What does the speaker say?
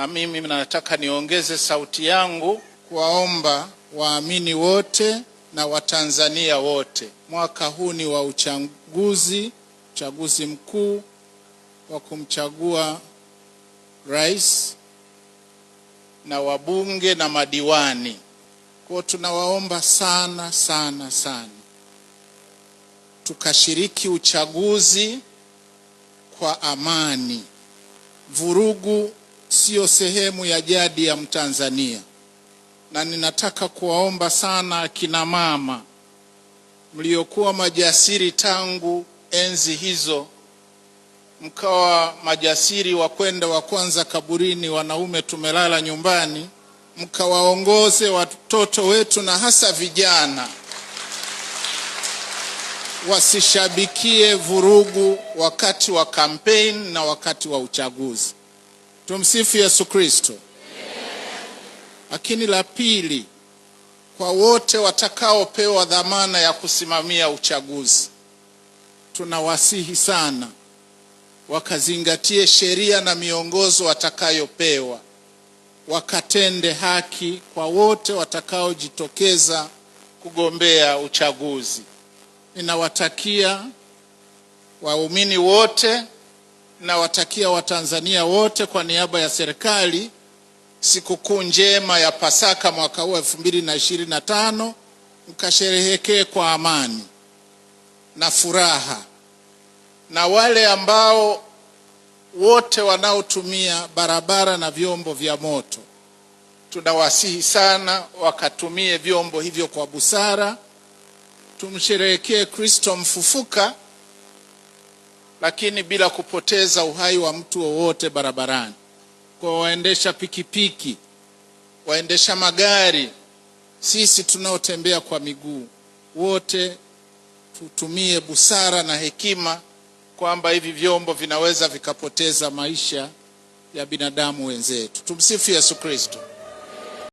na mimi nataka niongeze sauti yangu kuwaomba waamini wote na Watanzania wote, mwaka huu ni wa uchaguzi, uchaguzi mkuu wa kumchagua rais na wabunge na madiwani. Kwa tunawaomba sana sana sana, tukashiriki uchaguzi kwa amani. Vurugu siyo sehemu ya jadi ya Mtanzania, na ninataka kuwaomba sana akina mama mliokuwa majasiri tangu enzi hizo, mkawa majasiri wa kwenda wa kwanza kaburini, wanaume tumelala nyumbani, mkawaongoze watoto wetu na hasa vijana wasishabikie vurugu wakati wa kampeni na wakati wa uchaguzi. Tumsifu Yesu Kristo. Lakini la pili, kwa wote watakaopewa dhamana ya kusimamia uchaguzi, tunawasihi sana wakazingatie sheria na miongozo watakayopewa, wakatende haki kwa wote watakaojitokeza kugombea uchaguzi. Ninawatakia waumini wote nawatakia Watanzania wote kwa niaba ya serikali sikukuu njema ya Pasaka mwaka huu elfu mbili na ishirini na tano, mkasherehekee kwa amani na furaha, na wale ambao wote wanaotumia barabara na vyombo vya moto, tunawasihi sana wakatumie vyombo hivyo kwa busara. Tumsherehekee Kristo mfufuka lakini bila kupoteza uhai wa mtu wowote barabarani. Kwa waendesha pikipiki, waendesha magari, sisi tunaotembea kwa miguu, wote tutumie busara na hekima kwamba hivi vyombo vinaweza vikapoteza maisha ya binadamu wenzetu. Tumsifu Yesu Kristo.